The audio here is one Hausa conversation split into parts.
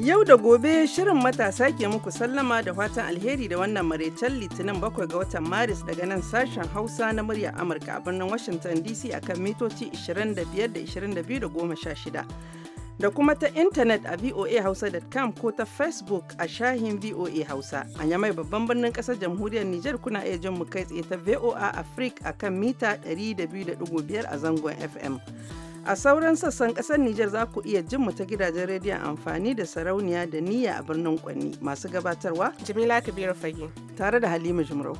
Yau da gobe shirin matasa ke muku sallama da fatan alheri da wannan maraicen litinin bakwai ga watan Maris daga nan sashen Hausa na muryar Amurka a birnin Washington DC akan mitoci 25 da 22 da da kuma ta intanet a voahausa.com ko ta facebook a shahin voa hausa a yamai babban birnin kasar jamhuriyar nijar kuna iya jin mu kai tsaye ta voa africa akan mita 200.5 a zangon fm A sauran sassan ƙasar Nijar za ku iya jin mu ta gidajen rediyon amfani da sarauniya da niyya a birnin Kwanni masu gabatarwa. Jamila Kabiru Fage. Tare da Halima Jumrau.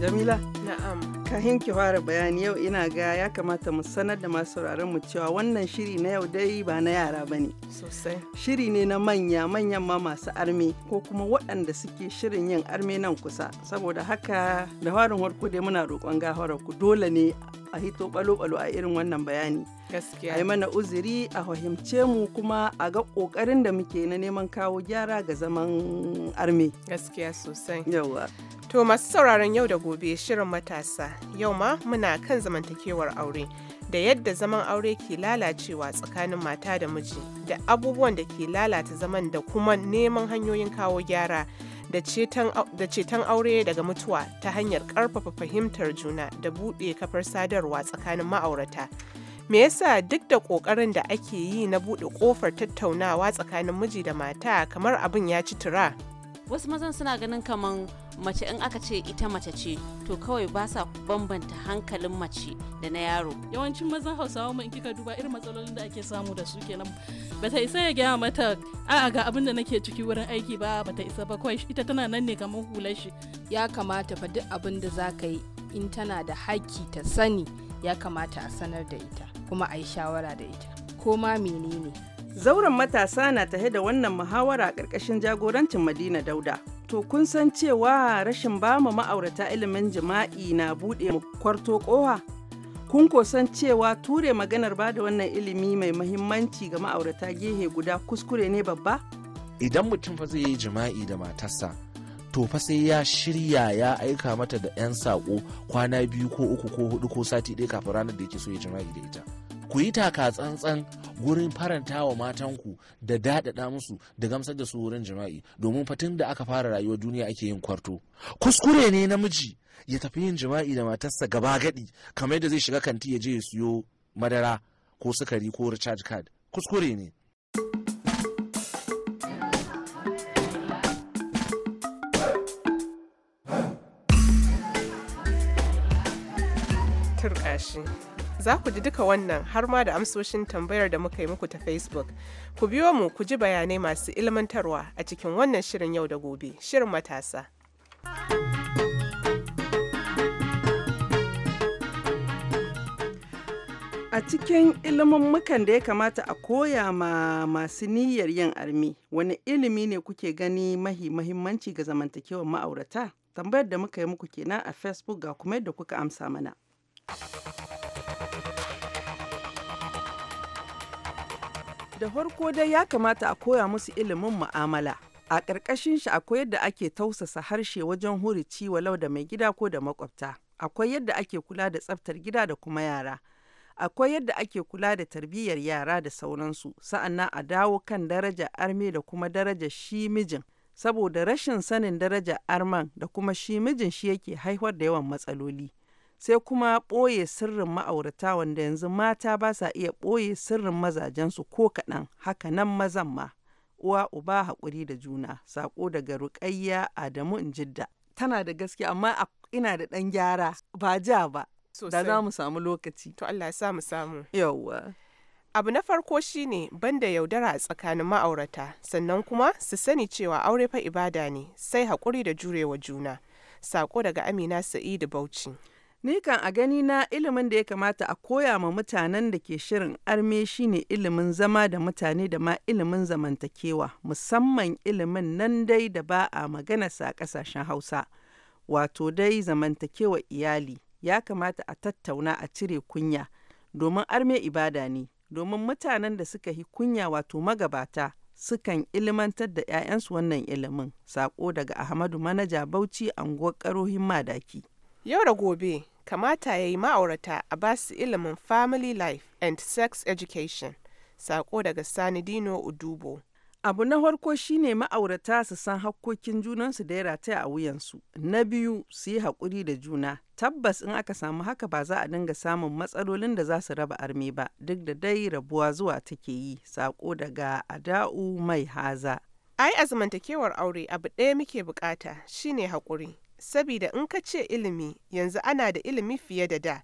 Jamila. Na'am. Ka ki fara bayani yau ina ga ya kamata mu sanar da masu mu cewa wannan shiri na yau dai ba na yara ba ne. Shiri ne na manya manyan ma masu arme ko kuma waɗanda suke shirin yin arme nan kusa. Saboda haka da farin warko dai muna roƙon gafarar ku dole ne a hito balo-balo a irin wannan bayani. Gaskiya. A yi mana uzuri a fahimce mu kuma a ga ƙoƙarin da muke na neman kawo gyara ga zaman arme. Gaskiya sosai. Yawwa. To masu sauraron yau da gobe shirin matasa yau ma muna kan zamantakewar aure. da yadda zaman aure ke lalacewa tsakanin mata da miji da abubuwan da ke lalata zaman da kuma neman hanyoyin kawo gyara da ceton aure daga mutuwa ta hanyar ƙarfafa fahimtar juna da buɗe kafar sadarwa tsakanin ma'aurata. Me yasa duk da ƙoƙarin da ake yi na buɗe ƙofar tattaunawa tsakanin miji da mata kamar abin ya ci tura? Wasu mazan suna ganin kamar. mace in aka ce ita mace ce to kawai ba sa bambanta hankalin mace da na yaro yawancin mazan hausawa mu in kika duba irin matsalolin da ake samu da su kenan bata isa ya gaya mata a'a ga abin da nake ciki wurin aiki ba bata isa ba kawai ita tana nan ne kamar hular shi ya kamata fa duk abin da za ka yi in tana da haƙƙi ta sani ya kamata a sanar da ita kuma a yi shawara da ita ko ma menene zauren matasa na tahe da wannan muhawara a ƙarƙashin jagorancin madina dauda To kun san cewa rashin bama ma'aurata ilimin jima'i na buɗe kwarto ƙoha? Kun ko san cewa ture maganar ba da wannan ilimi mai mahimmanci ga ma'aurata gehe guda kuskure ne babba? Idan mutum fa zai yi jima'i da matarsa, to fa sai ya shirya ya aika mata da 'yan saƙo kwana biyu ko uku ko hudu ko sati ɗaya kafin ranar da yake so ya jima'i da ita. ku yi taka tsantsan gurin faranta wa matanku da daɗaɗa musu da gamsar da su wurin jima'i domin fatin da aka fara rayuwar duniya ake yin kwarto kuskure ne namiji ya tafi yin jima'i da matarsa gaba gadi kamar yadda zai shiga kanti ya je ya siyo madara ko sukari ko recharge card kuskure ne turkashi Za ku ji duka wannan har ma da amsoshin tambayar da muka yi muku ta Facebook. Ku biyo mu ku ji bayanai masu ilmantarwa a cikin wannan shirin yau da gobe, shirin matasa. A cikin mukan da ya kamata a koya ma masu niyyar yin armi, wani ilimi ne kuke gani mahi mahimmanci ga zamantakewar ma'aurata? Tambayar da muka yi muku kenan a Facebook ga kuma yadda kuka amsa mana. Da farko dai ya kamata a koya musu ilimin mu'amala. A ƙarƙashin shi akwai yadda ake tausasa harshe wajen hurici walau da mai gida ko da makwabta. Akwai yadda ake kula da tsaftar gida da kuma yara. Akwai yadda ake kula da tarbiyyar yara da sauransu. Sa'annan a dawo kan daraja arme da kuma daraja shi mijin. Saboda rashin sanin daraja arman da kuma shi mijin shi yake haihuwar da yawan matsaloli. sai kuma ɓoye sirrin ma'aurata wanda yanzu mata ba sa iya ɓoye sirrin mazajensu ko kaɗan haka nan mazan ma uwa uba haƙuri da juna saƙo daga ruƙayya adamu in jidda. tana da gaske amma ina da ɗan gyara ba ja ba da za mu samu lokaci to Allah ya mu samu yawwa abu na farko shine banda yaudara a tsakanin ma'aurata sannan kuma su sani cewa aure fa ibada ne sai haƙuri da jurewa juna sako daga amina sa'idu bauchi Ni kan a gani na ilimin da ya kamata a koya ma mutanen da ke shirin arme shine ilimin zama da mutane da ma ilimin zamantakewa, musamman ilimin nan dai da ba a magana sa kasashen Hausa. Wato dai zamantakewa iyali, ya kamata a tattauna a cire kunya, domin arme ibada ne, domin mutanen da suka yi kunya wato magabata sukan ilimantar da 'ya'yansu wannan ilimin. Sako daga Ahmadu Manaja Bauchi, anguwar Karohin Madaki. Yau da gobe, kamata ya yi ma'aurata a ba su ilimin family life and sex education sako daga sani dino udubo abu na farko shine ma'aurata su san hakkokin junansu da ya rataya a wuyansu na biyu su yi haƙuri da juna tabbas in aka samu haka ba za a dinga samun matsalolin da za su raba armi ba duk da dai rabuwa zuwa take yi sako daga ada'u mai haza ai a zamantakewar aure abu ɗaya muke bukata shine haƙuri sabida in ka ce ilimi yanzu ana da ilimi fiye da da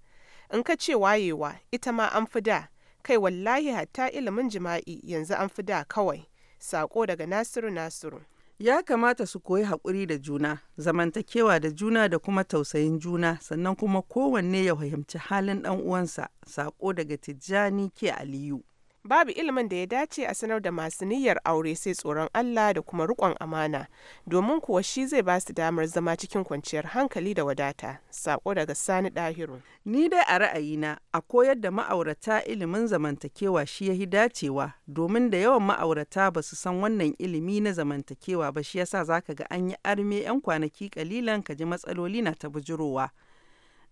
in ka ce wayewa ita ma an fi da kai wallahi hatta ilimin jima'i yanzu an fi da kawai sako daga nasiru nasiru ya kamata su koyi haƙuri da juna zamantakewa da juna da kuma tausayin juna sannan kuma kowanne ya fahimci halin ɗan uwansa sako daga tijjani ke aliyu babu ilimin da ya dace a sanar da masu niyyar aure sai tsoron Allah da kuma rikon amana domin kuwa shi zai ba su damar zama cikin kwanciyar hankali da wadata sako daga sani dahiru ni dai a ra'ayina a koyar da ma'aurata ilimin zamantakewa shi yahi dacewa domin da yawan ma'aurata ba su san wannan ilimi na zamantakewa ba shi yasa zaka ga an yi arme yan kwanaki kalilan ka ji matsaloli na ta bujurowa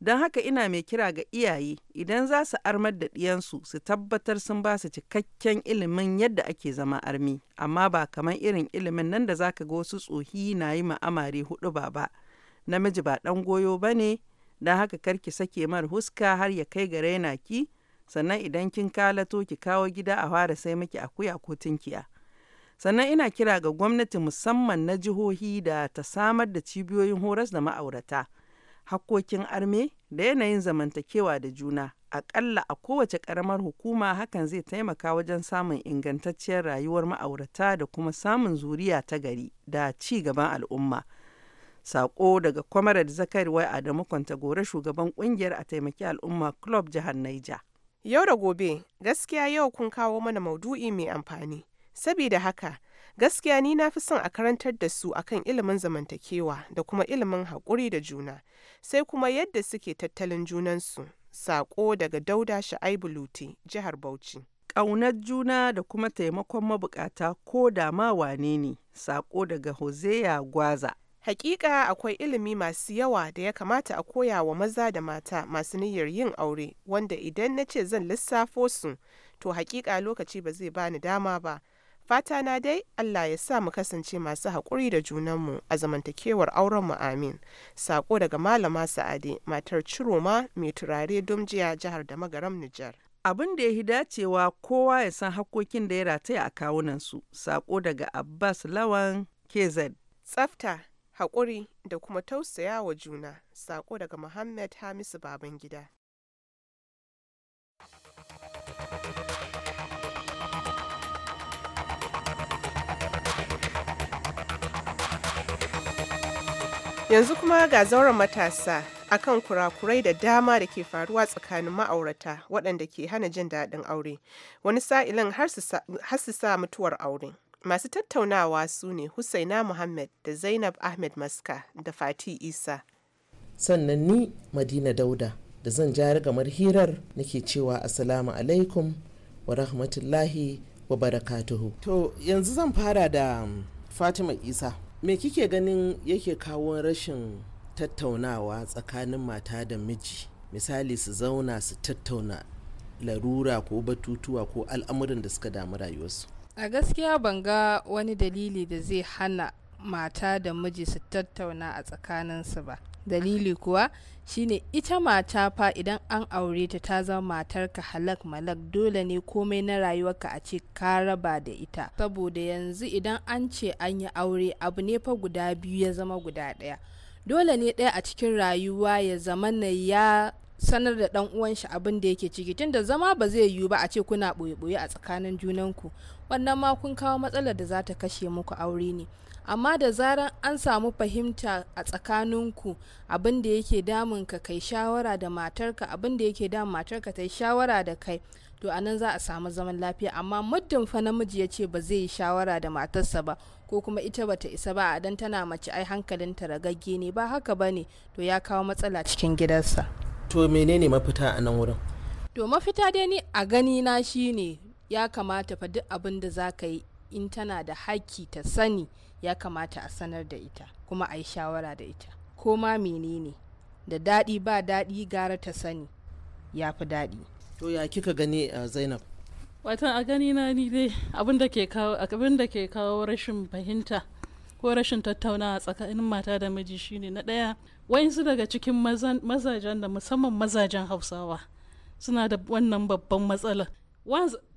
Don haka ina mai kira ga iyaye idan za su armar da ɗiyansu su tabbatar sun ba su cikakken ilimin yadda ake zama armi, amma ba kamar irin ilimin nan da zaka ga wasu tsohi na yi ma'amari hudu ba ba. Namiji ba ɗan goyo ba ne, don haka karki sake mar huska har ya kai ga raina ki, sannan idan kin kalato ki kawo gida a fara sai miki akuya ko tunkiya. sannan ina kira ga gwamnati musamman na jihohi da ta samar da cibiyoyin horas da ma'aurata hakkokin arme da yanayin zamantakewa da juna aƙalla a kowace karamar hukuma hakan zai taimaka wajen samun ingantacciyar rayuwar ma'aurata da kuma samun zuriya ta gari da ci gaban al'umma sako daga kwamarar zakari wai adamu kwantagore shugaban kungiyar a taimaki al'umma club jihar naija yau da gobe gaskiya yau kun kawo mana maudu'i mai amfani sabida haka Gaskiya ni na fi son a karantar da su akan ilimin zamantakewa da kuma ilimin haƙuri da juna, sai kuma yadda suke tattalin junansu. Saƙo daga Dauda Sha'aibu luti Jihar Bauchi. Ƙaunar juna da kuma taimakon mabukata ko da ma wane ne, saƙo daga Hosea Gwaza. Hakika akwai ilimi masu yawa da ya kamata a koya wa maza da mata masu niyyar yin aure, wanda idan na ce zan lissafo su, to hakika lokaci ba zai bani dama ba. Fata na dai Allah ya sa mu kasance masu haƙuri da junanmu a zamantakewar aurenmu amin. Sako daga Malama Sa'ade, matar Ciroma mai turare domjiya jihar da magaram Nijar. Abin da ya hi dacewa kowa ya san hakkokin da ya rataya a kawunansu. Sako daga Abbas Lawan KZ. Tsafta, haƙuri da kuma tausaya wa juna. Sako daga Muhammad Hamisu Babangida. Yanzu kuma ga zauren matasa akan kurakurai da dama da ke faruwa tsakanin ma'aurata waɗanda ke hana jin daɗin aure, wani sa'ilin har su sa mutuwar aure. Masu tattaunawa su ne Husaina Muhammad da Zainab Ahmed Maska da Fati Isa. Sannan ni Madina Dauda da zan jari gamar hirar nake cewa Assalamu alaikum wa rahmatullahi wa barakatuhu. To yanzu zan fara da um, Fatima Isa. me kike ganin yake kawo rashin tattaunawa tsakanin mata da miji misali su zauna su tattauna larura ko batutuwa ko al'amuran da suka damu rayuwarsu a gaskiya ban ga wani dalili da zai hana mata da miji su tattauna a tsakaninsu ba dalili kuwa shine ita mata fa idan an aure ta ta zama matarka halak malak dole ne komai na rayuwarka a ce ka raba da ita saboda yanzu idan an ce an yi aure abu ne fa guda biyu ya zama guda ɗaya dole ne ɗaya a cikin rayuwa ya zama na ya sanar da dan uwan shi abin da yake ciki tunda zama ba zai yiwu ba a ce kuna ɓoye-ɓoye a tsakanin junanku wannan ma kun kawo matsalar da za ta kashe muku aure ne amma da zaran an samu fahimta a tsakaninku abin da yake damun ka kai shawara da matarka abin da yake damun matarka ta yi shawara da kai to a nan za a samu zaman lafiya amma muddin fa namiji ya ce ba zai yi shawara da matarsa ba ko kuma ita bata isa ba a dan tana mace ai ta ragagge ne ba haka ba ne to ya kawo matsala cikin gidansa to menene mafita a nan wurin to mafita dai ni a gani na shine ya kamata fa duk abin da za ka yi in tana da haƙƙi ta sani ya kamata a sanar da ita kuma a yi shawara da ita ko ma menene da daɗi ba daɗi gara ta sani ya fi daɗi to ya kika gani eh, a zainab Wata a gani na ni dai abin da ke kawo da ke kawo rashin fahimta ko rashin tattaunawa tsakanin mata da miji shine na ɗaya wayansu daga cikin mazajen da musamman mazajen hausawa suna da wannan babban matsala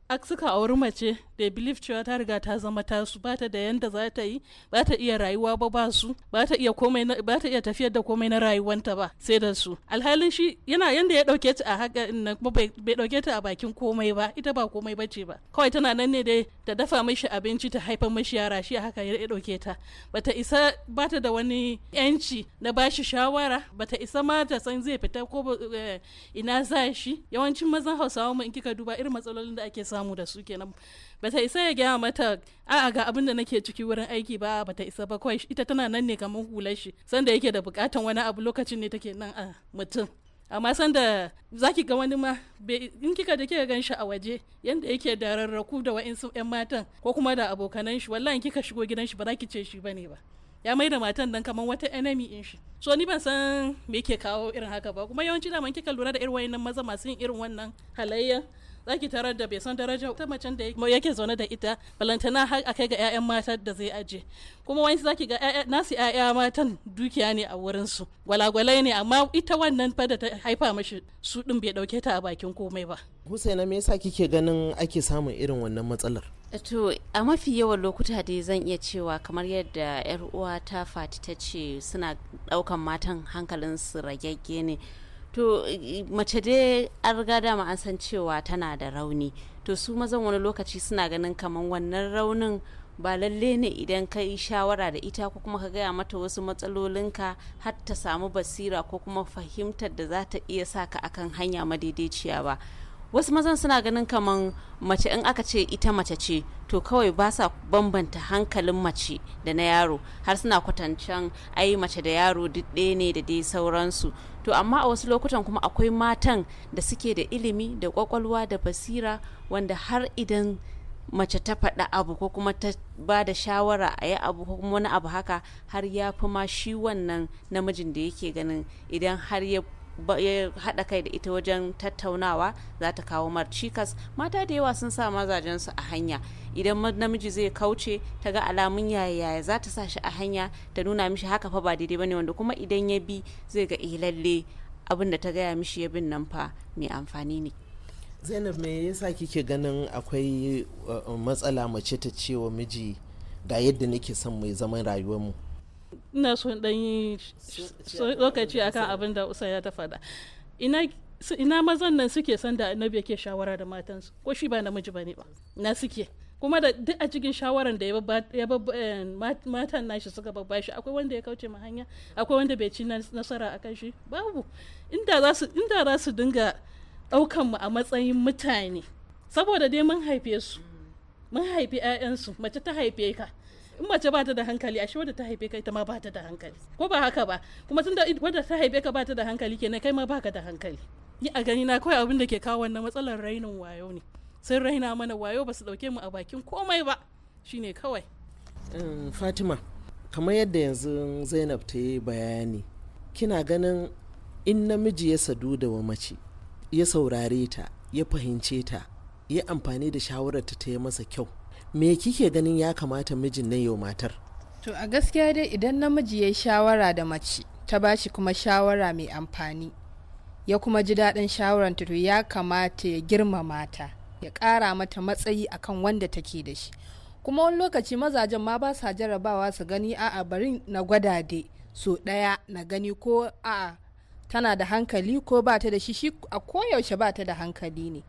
ak suka auri mace da believe cewa ta riga ta zama tasu ba ta da yanda za ta yi ba ta iya rayuwa ba ba su ba ta iya komai ba ta iya tafiyar da komai na rayuwanta ba sai da su alhalin shi yana yanda ya dauke ta a haka inna kuma bai dauke ta a bakin komai ba ita ba komai bace ba kawai tana nan ne dai ta dafa mishi abinci ta haifa mishi yara shi a haka ya dauke ta bata isa ba ta da wani yanci na bashi shawara bata isa ma ta san zai fita ko eh, ina za shi yawancin mazan Hausawa mu in kika duba irin matsalolin da ake samu da su kenan bata isa ya gaya mata a'a ga abin da nake ciki wurin aiki ba bata isa ba kawai ita tana nan ne kamar hular shi sanda yake da bukatan wani abu lokacin ne take nan a mutum amma sanda zaki ga wani ma in kika da kika ganshi a waje yanda yake da rarraku da wa'insu 'yan matan ko kuma da abokanan shi wallahi kika shigo gidan shi ba za ki ce shi bane ba ya mai da matan dan kamar wata enemy in shi so ni ban san me ke kawo irin haka ba kuma yawanci da man kika lura da irin wayannan maza masu yin irin wannan halayya zaki tarar da bai san daraja ta macen da yake zaune da ita balantana har a kai ga 'ya'yan matan da zai aje kuma wani ga nasu 'ya'ya matan dukiya ne a wurin su gwalagwalai ne amma ita wannan fa da ta haifa mashi su din bai dauke ta a bakin komai ba Husaina me yasa kike ganin ake samun irin wannan matsalar eh, to a mafi yawan lokuta dai zan iya cewa kamar yadda 'yar uwa ta fati ta ce suna daukan matan hankalin su ragegge ne to mace dai an riga dama an san cewa tana da rauni to su mazan wani lokaci suna ganin kamar wannan raunin ba lalle ne idan ka yi shawara da ita ko kuma ka gaya mata wasu matsalolinka har ta samu basira ko kuma fahimtar da za ta iya sa ka akan hanya madaidaiciya ba wasu mazan suna ganin kamar mace in aka ce ita mace ce to kawai ba sa bambanta hankalin mace da na yaro har suna kwatancen ai mace da yaro duk ɗaya ne da dai sauransu to amma a wasu lokutan kuma akwai matan da suke da ilimi da kwakwalwa da basira wanda har idan mace ta faɗa abu ko kuma ta ba da shawara a yi abu ko kuma wani abu haka har ya fi ma shi wannan namijin da yake ganin idan har ya ya haɗa kai da ita wajen tattaunawa za ta kawo mar cikas mata da yawa sun sa mazajen su a hanya idan namiji zai kauce ta ga alamun yaya yaya za ta sa shi a hanya ta nuna mishi haka fa ba daidai bane wanda kuma idan ya bi zai ga eh lalle abin da ta gaya mishi ya bin nan fa mai amfani ne zainab me yasa kike ganin akwai uh, uh, matsala mace ta ce wa miji ga yadda nake son mai zaman rayuwarmu ina so dan yi lokaci akan abin da usa ya ta faɗa ina ina mazan nan suke san da annabi yake shawara da matansu ko shi ba namiji ba ne ba na suke kuma da duk a cikin shawaran da ya eh, matan nashi suka babba shi akwai wanda ya kauce ma hanya akwai wanda bai ci nasara a kan shi babu inda za su dinga daukan mu a matsayin mutane saboda dai mun haife su mun haifi 'ya'yansu mace ta haife ka in mace ba ta da hankali ashe wadda ta haife ka ita ma ba ta da hankali ko ba haka ba kuma tun da wadda ta haife ka ba ta da hankali kenan kai ma baka da hankali ni a gani na kawai abin da ke kawo wannan matsalar rainin wayo ne sun raina mana wayo ba su dauke mu a bakin komai ba shine kawai eh, fatima kamar yadda yanzu zainab ta yi bayani kina ganin in namiji ya sadu da wa mace ya saurare ta ya fahimce ta ya amfani da shawarar ta ta yi masa kyau me kike ganin ya kamata mijin na yau matar to a gaskiya dai idan namiji ya shawara da mace ta ba shi kuma shawara mai amfani ya kuma ji daɗin shawaran to ya kamata ya girmama ta ya ƙara mata matsayi akan wanda take da shi kuma wani lokaci mazajen ma ba sa jarabawa su gani a'a bari na gwada dai so ɗaya na gani ko a'a tana da hankali ko ba ta da shi shi a koyaushe ba ta da hankali ne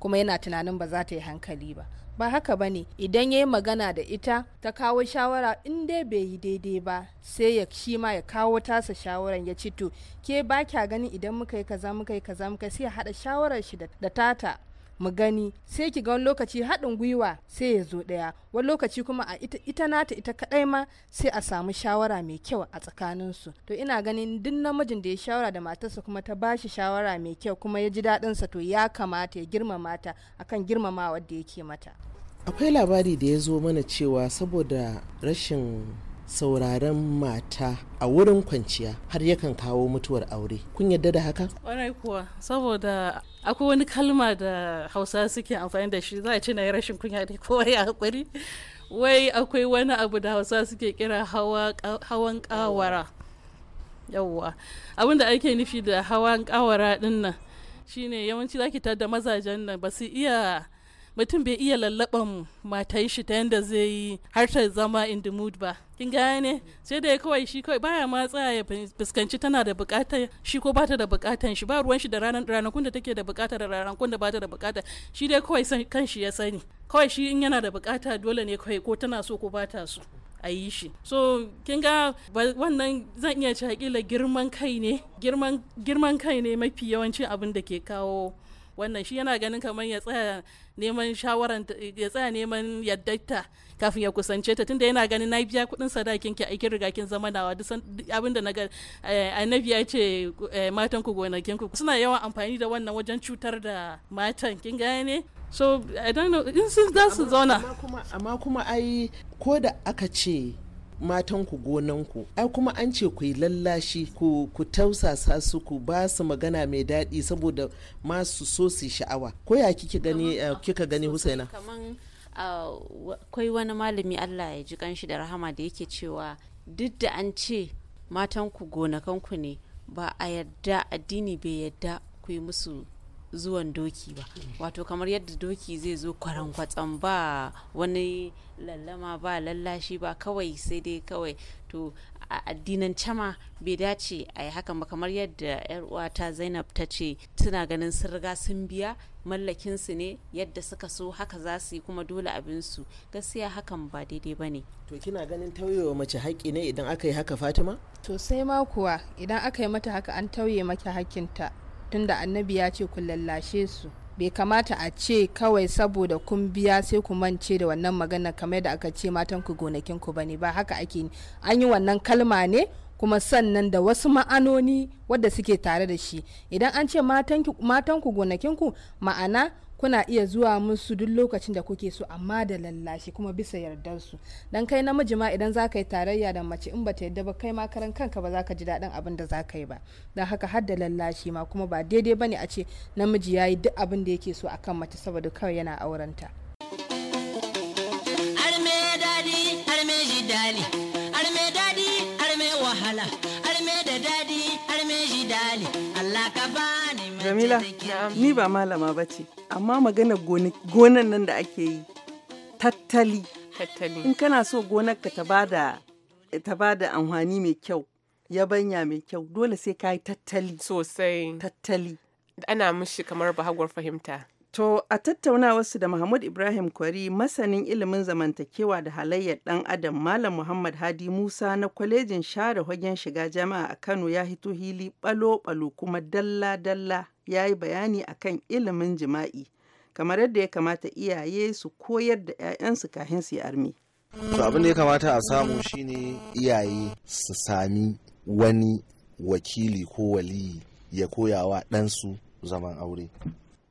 kuma yana tunanin ba za ta yi hankali ba ba haka ba ne idan ya yi magana da ita ta kawo shawara in dai bai yi daidai ba sai ya shi ma ya kawo tasa shawaran ya ci to ke ba kya gani idan muka yi kaza muka yi kaza muka sai ya haɗa shawarar shi da tata mu gani sai ki ga wani lokaci haɗin gwiwa sai ya zo ɗaya wani lokaci kuma a ita, ita nata ita kaɗai ma sai a samu shawara mai kyau a tsakaninsu to ina ganin duk namijin da ya shawara da matarsa kuma ta bashi shawara mai kyau kuma ya ji daɗinsa to ya kamata ya girmama ta akan girmamawa da yake mata akwai labari da ya zo mana cewa saboda rashin sauraron mata a wurin kwanciya har yakan kawo mutuwar aure kun yadda da haka? wani kuwa saboda akwai wani kalma da hausa suke amfani da shi za a ce na rashin kunya ne kowa ya haƙuri wai akwai wani abu da hausa suke kira hawan ƙawara yawwa abin da ake nufi da hawan kawara dinnan shine yawanci zaki tada mazajen nan ba su iya mutum bai iya lallaban matai shi ta yadda zai yi har ta zama in the mood ba kin gane sai da kawai shi kawai baya ma tsaya ya fuskanci tana da bukatar shi ko bata da bukatar shi ba ruwan shi da ranar ranakun da take da bukata da ranakun da bata da bukata shi dai kawai kan shi ya sani kawai shi in yana da bukata dole ne kawai ko tana so ko bata so a yi shi so kin ga wannan zan iya ci hakila girman kai ne girman kai ne mafi yawancin abin da ke kawo wannan shi yana ganin kamar ya tsaya neman shawaran ya tsaya neman yaddaita kafin ya kusance ta tunda yana ganin na biya kudin sadakin ki aikin riga kin zama nawa duk abin da naga eh, annabi ya ce eh, matan ku gonakin ku suna yawan amfani da wannan wajen cutar da matan kin gane so i don't know in sun za su zauna amma kuma ai ko da aka ce matanku gonanku ai kuma an ce ku yi lallashi ku ku tausasa su ku ba su magana mai daɗi saboda masu so su sha'awa ko ya eh, kika gani kika gani Husaina ah, akwai wani malami Allah ya ji kanshi da rahama da yake cewa duk da an ce matanku gonakanku ne ba a yarda addini bai yarda ku yi musu zuwan doki ba wato kamar yadda doki zai zo kwatsam ba wani lallama ba lallashi ba kawai sai dai kawai to a addinan cama bai dace a yi hakan ba kamar yadda yar uwata zainab ta ce suna ganin sun riga sun biya mallakinsu ne yadda suka so haka za su yi kuma dole abinsu gaskiya hakan ba daidai ba ne to kina ganin tauyewa mace haƙƙi ne idan aka yi haka fatima to sai ma kuwa idan aka yi mata haka an tauye maka haƙƙinta tunda annabi ya ce ku lallashe su bai kamata a ce kawai saboda kun biya sai ku mance da wannan magana kamar da aka ce matan ku gonakin ku bane ba haka ake an yi wannan kalma ne kuma sannan da wasu ma'anoni wadda suke tare da shi idan an ce matan ku gonakin ku ma'ana kuna iya zuwa musu duk lokacin da kuke so amma da lallashi kuma bisa yardar dan kai namiji ma idan za ka yi tarayya da mace in ba ta yadda ba kai ma karan kanka ba za ka ji daɗin abin da za ka yi ba don haka har da lallashi ma kuma ba daidai ba ne a ce namiji ya yi duk abin da yake so akan mace saboda kawai yana aurenta. daɗi har me wahala Jamila, ni ba malama ba ce, amma magana gonan nan da ake yi, tattali. In kana so gonarka ta ba da bada amfani mai kyau, yabanya mai kyau, dole sai ka yi tattali. Sosai. Tattali. Ana mushi kamar bahagwar fahimta. To, a tattaunawarsu da Mahmud Ibrahim Kwari, masanin ilimin zamantakewa da halayyar ɗan Adam, Malam Muhammad Hadi Musa na kwalejin share hagen shiga jama'a a Kano ya hito hili ɓalo-ɓalo kuma dalla-dalla ya yi bayani akan ilimin jima'i kamar yadda ya kamata iyaye su koyar da 'ya'yansu kafin su yi armi. To abin da ya kamata a samu shine iyaye su sami wani wakili ko waliyi ya koya wa ɗansu zaman aure.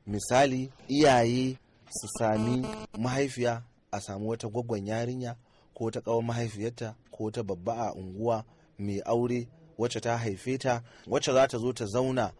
Misali iyaye su sami mahaifiya a samu wata gwaggon yarinya ko ta ƙawar mahaifiyarta ko ta babba a unguwa mai aure wacce ta haife ta wacce za ta zo ta zauna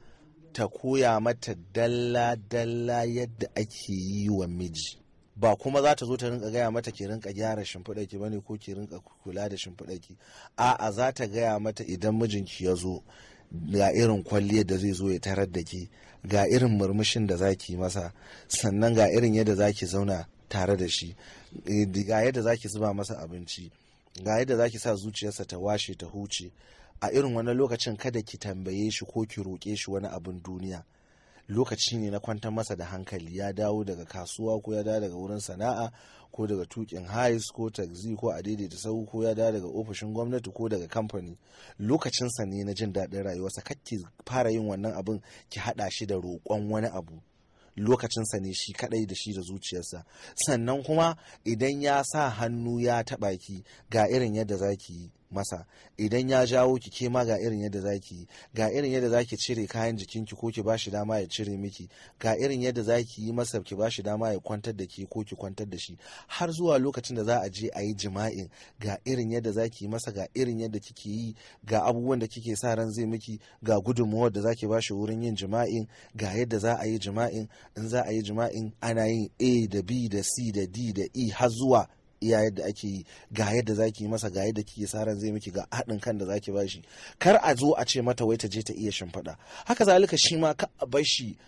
ta koya mata dalla-dalla yadda ake yi wa miji ba kuma za ta zo ta rinka gaya mata ki rinka gyara shimfiɗa ki bane ko ki rinka kula da shimfiɗa ki a'a za ta gaya mata idan mijinki ya zo ga irin kwalliyar da zai zo ya tarar da ki ga irin murmushin da za ki masa sannan ga irin yadda za ki zauna tare da shi eh, ga yadda za ki zuba masa abinci ga yadda za ki sa zuciyarsa ta washe ta huce a irin wani lokacin kada ki tambaye shi ko ki roƙe shi wani abin duniya lokaci ne na kwantar masa da hankali ya dawo daga kasuwa ko ya dawo daga wurin sana'a ko daga tukin hais ko taxi ko a daidaita sau ko ya dawo daga ofishin gwamnati ko daga kamfani lokacinsa ne na jin daɗin rayuwarsa ki fara yin wannan abin ki haɗa shi da roƙon wani abu lokacinsa ne shi kaɗai da shi da zuciyarsa sannan kuma idan ya sa hannu ya taɓa ki ga irin yadda za ki yi masa idan ya jawo ki ke ma ga irin yadda zaki ga irin yadda zaki cire kayan jikin ki ko ki bashi dama ya cire miki ga irin yadda zaki yi masa ki bashi dama ya kwantar da ki ko ki kwantar da shi har zuwa lokacin da za a je a yi jima'in ga irin yadda zaki yi masa ga irin yadda kike yi ga abubuwan da kike sa ran zai miki ga gudunmuwar da zaki bashi wurin yin jima'in ga yadda za a yi jima'in in za a yi jima'in ana yin a da b da c da d da e har zuwa iya yadda ake yi ga yadda zaki masa ga yadda kike saran zai miki ga haɗin kan da zaki bashi kar a zo a ce mata wai ta je ta iya shimfiɗa haka zalika shi ma ka a bar shi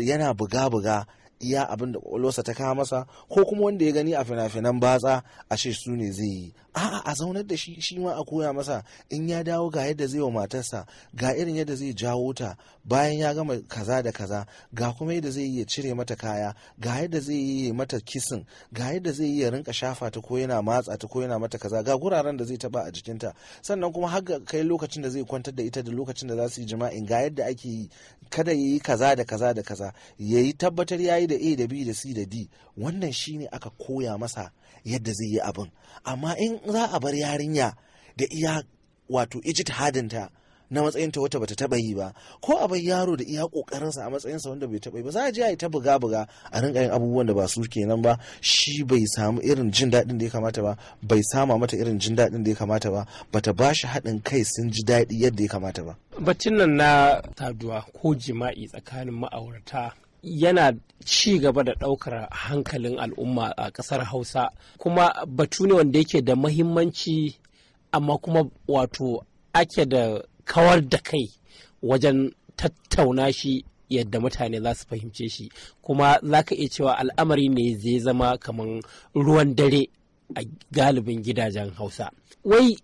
yana buga-buga iya abin da kwakwalwarsa ta kawo masa ko kuma wanda ya gani a fina-finan batsa a shi su ne zai yi a'a a zaunar da shi shi ma a koya masa in ya dawo ga yadda zai wa matarsa ga irin yadda zai jawo ta bayan ya gama kaza da kaza ga kuma yadda zai yi cire mata kaya ga yadda zai yi mata kisin ga yadda zai yi ya rinka shafa ta ko yana matsa ta ko yana mata kaza ga guraren da zai taba a jikinta sannan kuma har ga kai lokacin da zai kwantar da ita da lokacin da za su yi jima'in ga yadda ake yi kada ya yi kaza da kaza da kaza yayi tabbatar ya da a da b da c da d wannan shine aka koya masa yadda zai yi abin amma in za a bar yarinya da iya wato hadinta na matsayin ta wata bata taba yi ba ko a bar yaro da iya kokarinsa a matsayinsa wanda bai taba yi ba za a je a yi ta buga buga a rinka yin abubuwan da ba su kenan ba shi bai samu irin jin daɗin da ya kamata ba bai sama mata irin jin daɗin da ya kamata ba bata ba shi haɗin kai sun ji daɗi yadda ya kamata ba baccin nan na saduwa ko jima'i tsakanin ma'aurata yana ci gaba da ɗaukar hankalin al'umma a ƙasar hausa kuma batu ne wanda yake da mahimmanci amma kuma wato ake da kawar da kai wajen tattauna shi yadda mutane za su fahimce shi kuma za ka iya cewa al'amari ne zai zama kamar ruwan dare a galibin gidajen hausa wai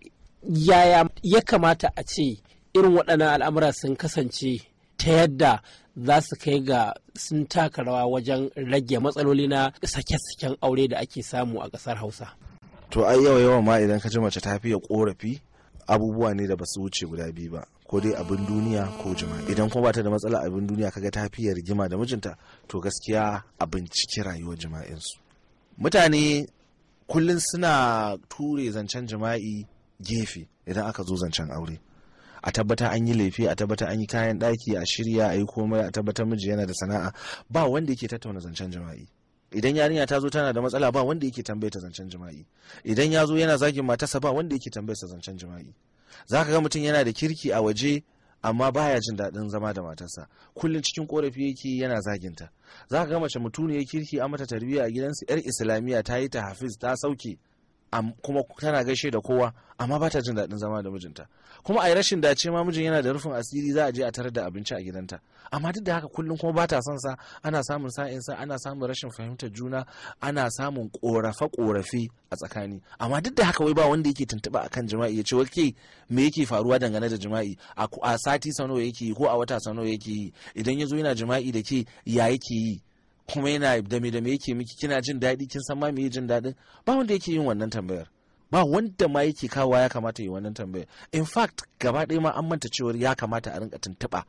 yaya ya kamata a ce irin waɗannan al'amura sun kasance ta yadda za su kai ga sun taka rawa wajen rage matsaloli na sake-saken aure da ake samu a ƙasar hausa to ai yawa yawa ma idan ka ji mace ta fiye korafi abubuwa ne da ba su wuce guda biyu ba ko dai abin duniya ko jima'i idan kuma bata da matsala abin duniya kaga ta fiye rigima da mijinta to gaskiya a binciki rayuwar jima'insu mutane kullum suna ture zancen jima'i gefe idan aka zo zancen aure a tabbata an yi laifi, a tabbata an yi kayan daki a shirya a yi komai a tabbatar miji yana da sana'a ba wanda yake tattauna zancen jima'i idan yarinya ta zo tana da matsala ba wanda yake tambaye ta zancen jima'i idan ya zo yana zagin matarsa ba wanda yake tambaye sa zancen jima'i ka ga mutum yana da kirki a waje amma baya jin daɗin zama da matarsa kullum cikin korafi yake yana zaginta zaka ga mace mutum ya kirki a mata tarbiyya a gidansu yar islamiyya ta yi ta hafiz ta sauke kuma tana gaishe da kowa amma ba ta jin daɗin zama da mijinta kuma a rashin dace ma mijin yana da rufin asiri za a je a tarar da abinci a gidanta amma duk da haka kullum kuma ba ta son sa ana samun sa'in sa ana samun rashin fahimtar juna ana samun korafe korafe a tsakani amma duk da haka wai ba wanda yake tuntuɓa akan jima'i ya ce wake me yake faruwa dangane da jima'i a sati sanowa yake yi ko a wata sanowa yake yi idan ya zo yana jima'i da ke ya yake yi kuma yana da me da me yake miki kina jin daɗi kin san ma me jin daɗin ba wanda yake yin wannan tambayar ba wanda ma yake kawa ya kamata yi wannan tambayar in fact gaba ɗaya ma an manta cewar ya kamata a rinka tuntuɓa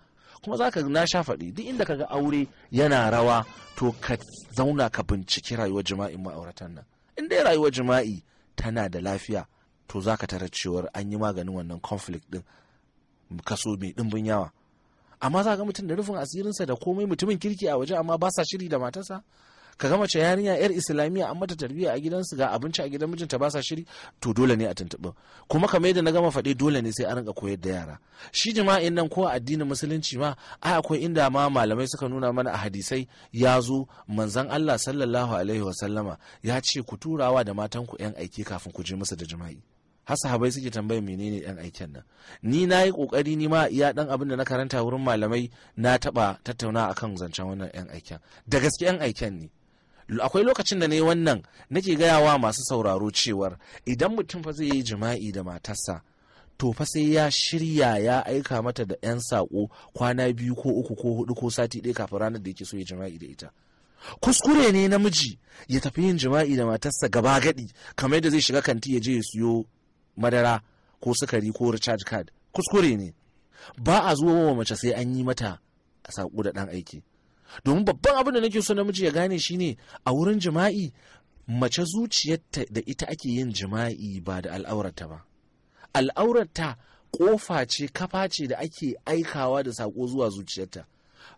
kuma zaka na sha faɗi duk inda kaga aure yana rawa to ka zauna ka binciki rayuwar jima'in ma'auratan nan in dai rayuwar jima'i tana da lafiya to zaka tarar cewar an yi maganin wannan conflict ɗin kaso mai ɗimbin yawa amma za ga mutum da rufin asirinsa da komai mutumin kirki a waje amma ba sa shiri da matarsa ka gama ce yarinya yar islamiyya an mata tarbiyya a gidansu ga abinci a gidan mijinta ba sa shiri to dole ne a tuntuɓi kuma kamar yadda na gama faɗi dole ne sai a rinka koyar da yara shi jima'in nan ko a addinin musulunci ma ai akwai inda ma malamai suka nuna mana a hadisai ya zo manzon Allah sallallahu alaihi wa sallama ya ce ku turawa da matanku yan aiki kafin ku je musu da jima'i har sahabai suke tambaya menene yan aiken nan ni na yi kokari ni ma iya dan abin da na karanta wurin malamai na taba tattauna akan zancen wannan yan aiken da gaske yan aiken ne akwai lokacin da ne wannan nake gaya wa masu sauraro cewar idan mutum fa zai yi jima'i da matarsa to fa sai ya shirya ya aika mata da 'yan sako kwana biyu ko uku ko hudu ko sati ɗaya kafin ranar da yake so ya jima'i da ita kuskure ne namiji ya tafi yin jima'i da matarsa gaba gadi kamar yadda zai shiga kanti ya je ya siyo madara ko sukari ko recharge card kuskure ne ba a zuwa wa mace sai an yi mata saƙo da ɗan aiki domin babban abin da nake so namiji ya gane shine a wurin jima'i mace zuciyarta da ita ake yin jima'i ba da al'aurarta ba al'aurarta kofa ce kafa ce da ake aikawa da saƙo zuwa zuciyarta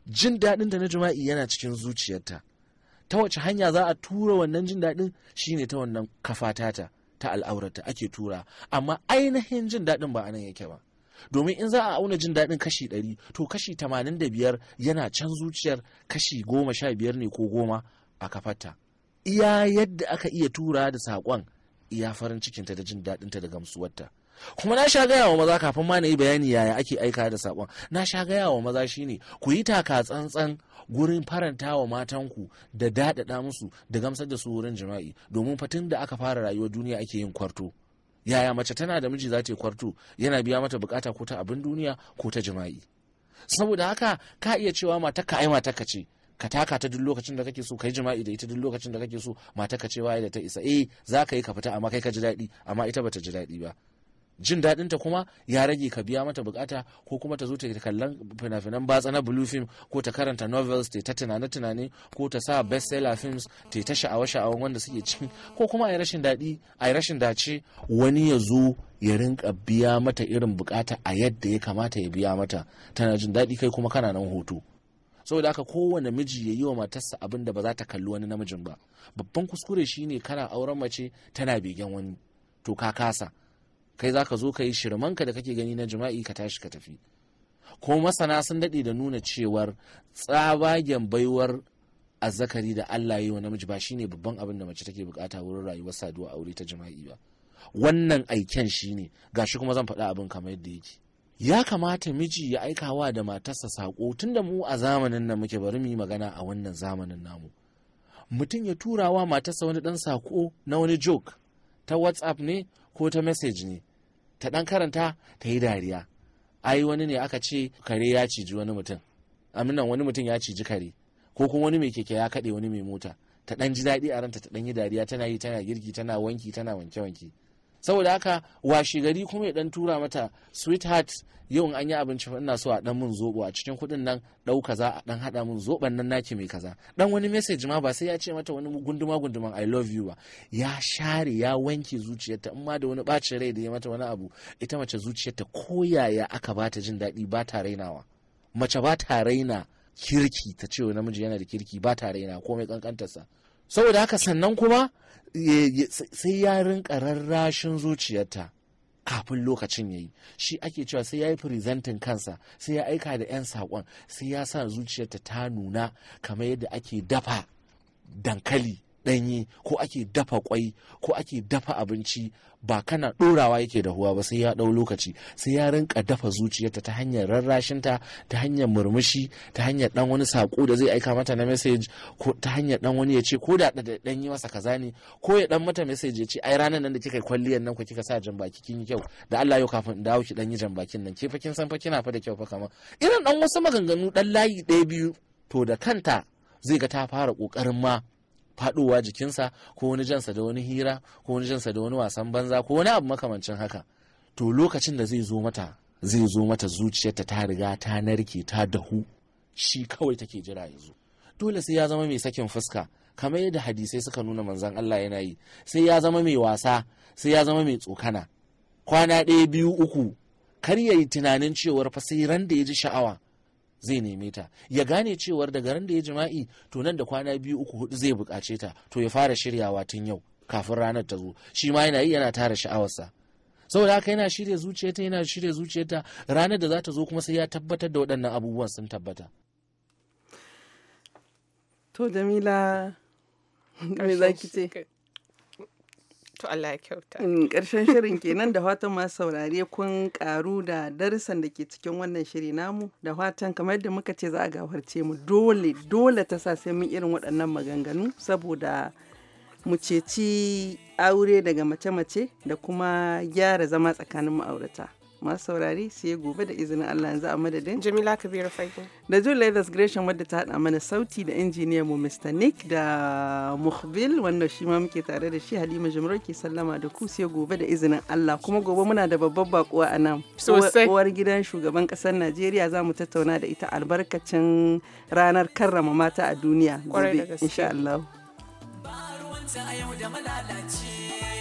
jin daɗinta na jima'i yana cikin zuciyarta ta wace hanya za a tura wannan jin daɗin shine ta wannan kafa tata ta al'aurata ake tura amma ainihin jin daɗin ba anan yake ba domin in za a auna jin daɗin kashi ɗari to kashi tamanin da biyar yana can zuciyar kashi goma sha biyar ne ko goma a kafarta iya yadda aka iya tura da saƙon iya farin cikinta da jin daɗinta da gamsuwarta kuma na sha gaya wa maza kafin ma na yi bayani yaya ake aika da sabon na sha gaya wa maza shine ku yi taka tsantsan gurin faranta wa matanku da daɗaɗa musu da gamsar da su wurin jima'i domin fatin da aka fara rayuwar duniya ake yin kwarto yaya mace tana da miji za ta yi kwarto yana biya mata bukata ko ta abin duniya ko ta jima'i saboda haka ka iya cewa matarka ai matarka ce ka taka ta duk lokacin da kake so kai jima'i da ita duk lokacin da kake so ka ce waye da ta isa eh za ka yi ka fita amma kai ka ji daɗi amma ita bata ji daɗi ba jin daɗinta kuma ya rage ka biya mata bukata ko kuma ta zo ta kallon fina-finan batsa na blue film ko ta karanta novels ta tunane-tunane ko ta sa bestseller films ta ta sha'awa-sha'awan wanda suke cikin ko kuma a yi rashin daɗi a rashin dace wani ya zo ya rinka biya mata irin bukata a yadda ya kamata ya biya mata tana jin daɗi kai kuma kana nan hoto saboda haka kowane miji ya yi wa matarsa abin da ba za ta kalli wani namijin ba babban kuskure shine kana auren mace tana begen wani to ka kasa kai za ka zo ka yi shirmanka da kake gani na jima'i ka tashi ka tafi ko masana sun daɗe da nuna cewar tsabagen baiwar azzakari da allah yi wa namiji ba shine babban abin da mace take bukata wurin rayuwar saduwa aure ta jima'i ba wannan aiken shine gashi kuma zan faɗa abin kamar yadda yake ya kamata miji ya aikawa da matarsa saƙo da mu a zamanin nan muke bari mu yi magana a wannan zamanin namu mutum ya turawa matarsa wani ɗan saƙo na wani joke ta whatsapp ne ko ta message ne ta ɗan karanta ta yi dariya ai wani ne aka ce kare ya ciji wani mutum aminan wani mutum ya ciji kare ko kuma wani mai keke ya kaɗe wani mai mota ta dan ji daɗi a ranta ta dan yi dariya tana yi tana girki tana wanki tana wanke wanke saboda haka washi gari kuma ya dan tura mata sweetheart yau an yi abinci fa ina so a dan mun zobo a cikin kudin nan dau kaza a dan hada mun zoban nan naki mai kaza dan wani message ma ba sai ya ce mata wani gunduma gunduman i love you ba ya share ya wanke zuciyarta in ma da wani bacin rai da ya mata wani abu ita mace zuciyarta ko yaya aka bata jin dadi ba ta rainawa mace ba ta raina kirki ta ce namiji yana da kirki ba ta raina komai kankantarsa saboda haka sannan kuma sai ya rinka rarrashin zuciyarta kafin lokacin ya yi shi ake cewa sai ya yi firizantin kansa sai ya aika da 'yan saƙon sai ya sa zuciyarta ta nuna kamar yadda ake dafa dankali ɗanyi ko ake dafa kwai ko ake dafa abinci ba kana ɗorawa yake da huwa ba sai ya ɗau lokaci sai ya rinka dafa zuciyarta ta hanyar rarrashinta ta hanyar murmushi ta hanyar ɗan wani saƙo da zai aika mata na message ko ta hanyar ɗan wani ya ce ko da ɗan yi masa kaza ne ko ya ɗan mata message ya ce ai ranar nan da kika kwalliyar nan ku kika sa jan baki kin yi kyau da Allah yau kafin dawo ki ɗan yi jan bakin nan ke fa kin san fa kina fa da kyau fa kamar irin ɗan wasu maganganu ɗan layi ɗaya biyu to da kanta zai ga ta fara ƙoƙarin ma faɗowa jikinsa ko wani jansa da wani hira ko wani jansa da wani wasan banza ko wani abu makamancin haka to lokacin da zai zo mata zai zo mata zuciyarta ta riga ta narke ta dahu shi kawai take jira ya dole sai ya zama mai sakin fuska kamar yadda hadisai suka nuna manzan, Allah yana yi sai ya zama mai wasa sai ya zama mai tsokana kwana ɗaya biyu uku kar ya yi tunanin cewar fa sai ran da ya ji sha'awa zai neme ta ya gane cewar daga ran da ya jima'i to nan da kwana biyu uku hudu zai bukace ta to ya fara shiryawa tun yau kafin ranar ta zo shi ma yana yi yana tara sha'awarsa saboda haka yana shirya zuciyarta yana shirya zuciyarta ranar da za ta zo kuma sai ya tabbatar da waɗannan abubuwan sun tabbata to jamila me za ki ce To Allah ya kyauta. karshen mm, shirin kenan da fatan masu saurare kun karu da darussan da ke cikin wannan shiri namu da fatan kamar yadda muka ce za a gafarce mu dole dole ta sa sai mun irin waɗannan maganganu saboda mu ceci aure daga mace-mace da kuma gyara zama tsakanin ma'aurata. masu saurari sai gobe da izinin Allah yanzu a madadin Jamila Kabiru Fage da June Leathers Gresham wadda ta haɗa mana sauti da injiniyan mu Mr Nick da Mukhbil wanda shi ma muke tare da shi Halima Jumro ke sallama da ku sai gobe da izinin Allah kuma gobe muna da babbar bakuwa a nan sosai uwar gidan shugaban ƙasar Najeriya za mu tattauna da ita albarkacin ranar karrama mata a duniya gaske. insha Allah a yau da malalaci